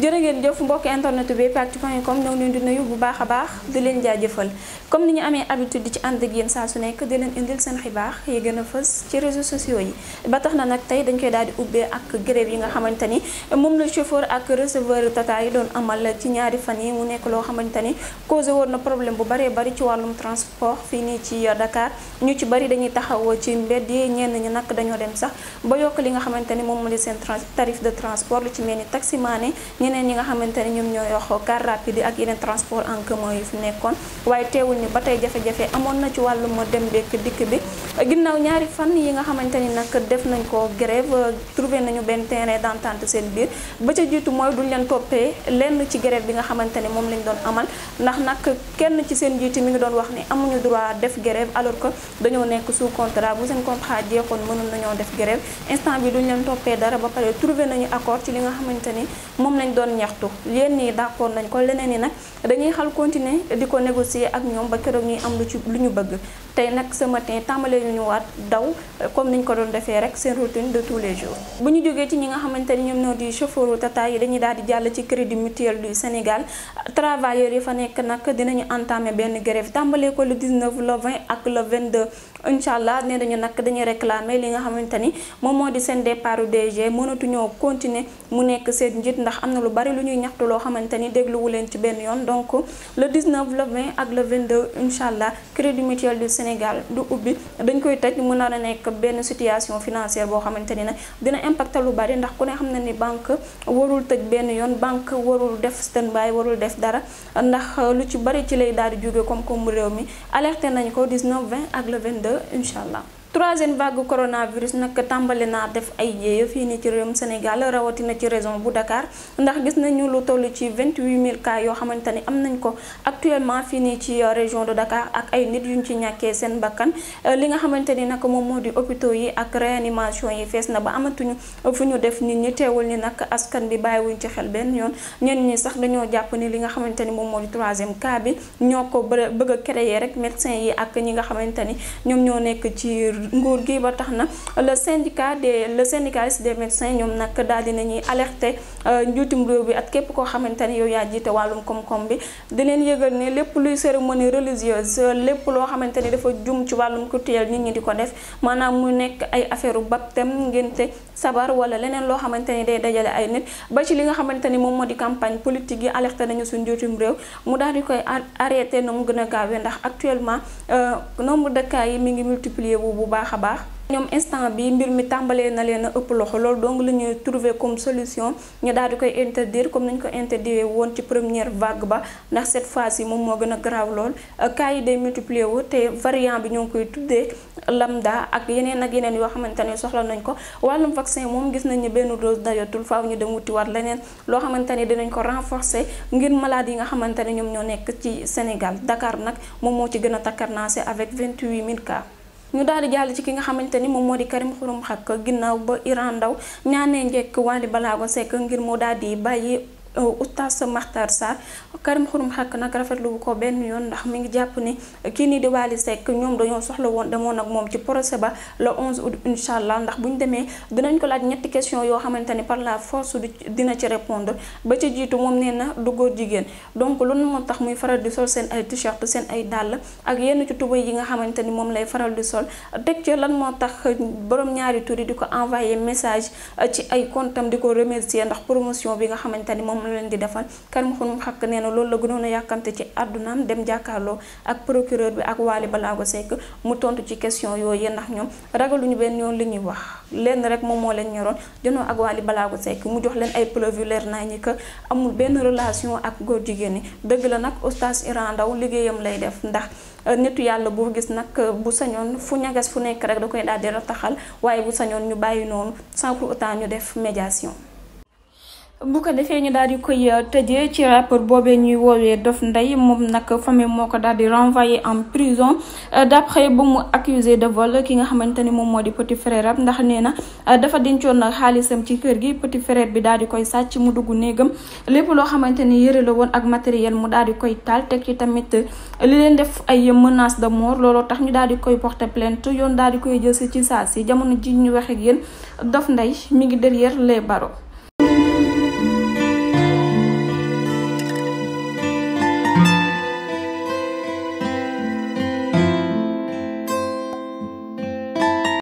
jërë ngeen jëf mbokk internet bi bpactu.com ñoo leen di nuyu bu baax a baax di leen jaajëfal comme ni ñu amee habitude di ci ànd ak yéen saa su nekk di leen indil seen xibaar yi gën a fës ci réseaux sociaux yi ba tax na nag tey dañ koy daal di ubbee ak grève yi nga xamante ni moom la chauffeur ak receveur tata yi doon amal ci ñaari fan yi mu nekk loo xamante ni causé woon na problème bu baree bari ci wàllum transport fii nii ci Dakar ñu ci bari dañuy taxaw ci mbedd yi ñenn nag dañoo dem sax ba yokk li nga xamante ni moom la seen tarif de transport lu ci mel ni taxi maane ñeneen ñi nga xamante ne ñoom ñoo yox car rapide ak yeneen transport en commun yu fi nekkoon waaye teewul ni ba tey jafe-jafe amoon na ci wàllum dem beek dikk bi ginnaaw ñaari fan yi nga xamante ni nag def nañ ko grève trouvé nañu benn terrain d'entente seen biir ba ca jiitu mooy duñ leen toppee lenn ci grève bi nga xamante ne moom lañ doon amal ndax nag kenn ci seen jiiti mu ngi doon wax ni amuñu droit def grève alors que dañoo nekk sous contrat bu seen contrat jeexoon mënoon nañoo def grève instant bi duñ leen toppee li nga xamante lañ doon ñaxtu leen nii d'accord nañ ko leneen yi nag dañuy xal continuer di ko négocier ak ñoom ba keroog ñuy am lu ci lu ñu bëgg tey nag ce matin tàmbalee ñu waat daw comme ni ñu ko doon defee rek seen routine de tous les jours bu ñu jógee ci ñi nga xamante ni ñoom ñoo di chauffeur Tata yi dañuy daal di jàll ci crédit mutuel du Sénégal travailleurs yi fa nekk nag dinañu entamer benn grève tàmbalee ko le 19 le 20 ak le 22 incha allah nee nañu nag dañuy réclamer li nga xamante ni moom moo di seen départ DG mënatuñoo continuer mu nekk seen njiit ndax am lu bari lu ñuy ñaxtu loo xamante ni dégluwu leen ci benn yoon donc le 19 le 20 ak le 22 incha allah crédit mutuel du Sénégal du ubbi dañ koy tëj mën na nekk benn situation financière boo xamante ni nag dina impacter lu bari ndax ku ne xam na ni banque warul tëj benn yoon banque warul def standby warul def dara ndax euh, lu ci bari ci lay daal di jóge comme comme réew mi alerté nañ ko 19 20 ak le 22 incha allah. troisième vague coronavirus nag tàmbali naa def ay jéeya fii nii ci réewum Sénégal rawatina ci région bu Dakar ndax gis nañu lu toll ci 28000 cas yoo xamante ni am nañ ko actuellement fii nii ci région de Dakar ak ay nit yuñ ci ñàkkee seen bakkan li nga xamante ni nag moom di hôpitaux yi ak réanimation yi fees na ba amatuñu fu ñu def nit ñi teewul ni nag askan bi bàyyiwuñ ci xel benn yoon ñenn ñi sax dañoo jàpp ni li nga xamante ni moom moo troisième cas bi ñoo ko bëgg a créer rek médecin yi ak ñi nga xamante ni ñoom ñoo nekk ci nguur gi ba tax na le syndicat des le syndicaliste des médecins ñoom nag daal di nañuy alerter euh, njuutum réew bi ak képp koo xamante ni yow yaa jiite wàllum koom-koom bi di leen yëgal ne lépp luy cérémonie religieuse lépp loo xamante ni dafa jum ci wàllum culturel nit ñi di ko def maanaam muy nekk ay affaire baptême ngénte sabar wala leneen loo xamante ni day dajale ay nit ba ci li nga xamante ni moom moo di campagne politique yi alerté nañu su njuutum réew mu daal di koy arrêté na gën a gaawee ndax actuellement euh, baax a baax ñoom instant bi mbir mi tàmbalee na leen a ëpp loxo loolu donc la ñuy trouver comme solution ñu daal di koy interdire comme nañ ko interdire woon ci première vague ba ndax set fois yi moom moo gën a garaaw lool cas yi day multiplier wu te variant bi ñoo ngi koy tuddee lambda ak yeneen ak yeneen yoo xamante ne soxla nañ ko wàllum vaccin moom gis nañ ne benn dose dayatul faaw ñu dem wuti waat leneen loo xamante ne dinañ ko renforcer ngir malade yi nga xamante ne ñoom ñoo nekk ci Sénégal Dakar nag moom moo ci gën a takkarnaase avec 28 000 cas ñu daal di jàll ci ki nga xamante ni moom moo di Karim Xurum Xaq ginnaaw ba Iran Ndaw ñaanee njekk Wally Balago Seck ngir mu daal di bàyyi Euh, oustaz Makhtar Sarr Karim Xurum Xakk nag rafetlu bu ko benn yoon ndax mi ngi jàpp ni kii nii di Wally Seck ñoom dañoo soxla woon demoon ak moom ci procès ba le 11 août incha ndax bu ñu demee dinañ ko laaj ñetti question yoo xamante ni par la force dina ci répondre ba ci jiitu moom nee na du góor jigéen donc loolu moo tax muy faral di sol seen ay t-shirt seen ay dàll ak yenn ci tubéy yi nga xamante ni moom lay faral di sol teg ci lan moo tax borom ñaari tur di ko envoyé message ci ay comptam di ko remercier ndax promotion bi nga xamante ni moom moom la leen di defal kar ma xunum xakk nee na loolu la gënoon a yàkkamte ci àddunaam dem jàkkaarloo ak procureur bi ak Waly Balago Seck mu tontu ci question yooyu ndax ñoom ragaluñu benn yoon li ñuy wax lenn rek moom moo leen ñoroon janoo ak Waly Balago Seck mu jox leen ay preuve yu leer naa ñi que amul benn relation ak góor jigéen ñi dëgg la nag oustaz Iran Ndaw liggéeyam lay def ndax euh, nitu yàlla boo gis nag euh, bu sañoon fu ñagas fu nekk rek da koy daal di rataxal waaye bu sañoon ñu bàyyi noonu sans pour autant ñu def médiation bu ko defee ñu daal di koy euh, tëjee ci rapport boobee ñuy woowee Dof Ndeye moom nag famille moo ko daal di renvoyé en prison euh, d'après ba mu accusé de vol ki nga xamante ni moom moo di petit frère am ndax nee na euh, dafa dencoon xaalisam ci kër gi petit frère bi daal di koy sàcc mu dugg néegam lépp loo xamante ni yëre la woon ak matériel mu daal di koy taal te ci tamit li leen def ay menace de mort looloo tax ñu daal di koy porter plainte yoon daal di koy jël ci saa si jamono ji ñu waxee ak yéen Dof Ndeye mi ngi derrière les barreaux.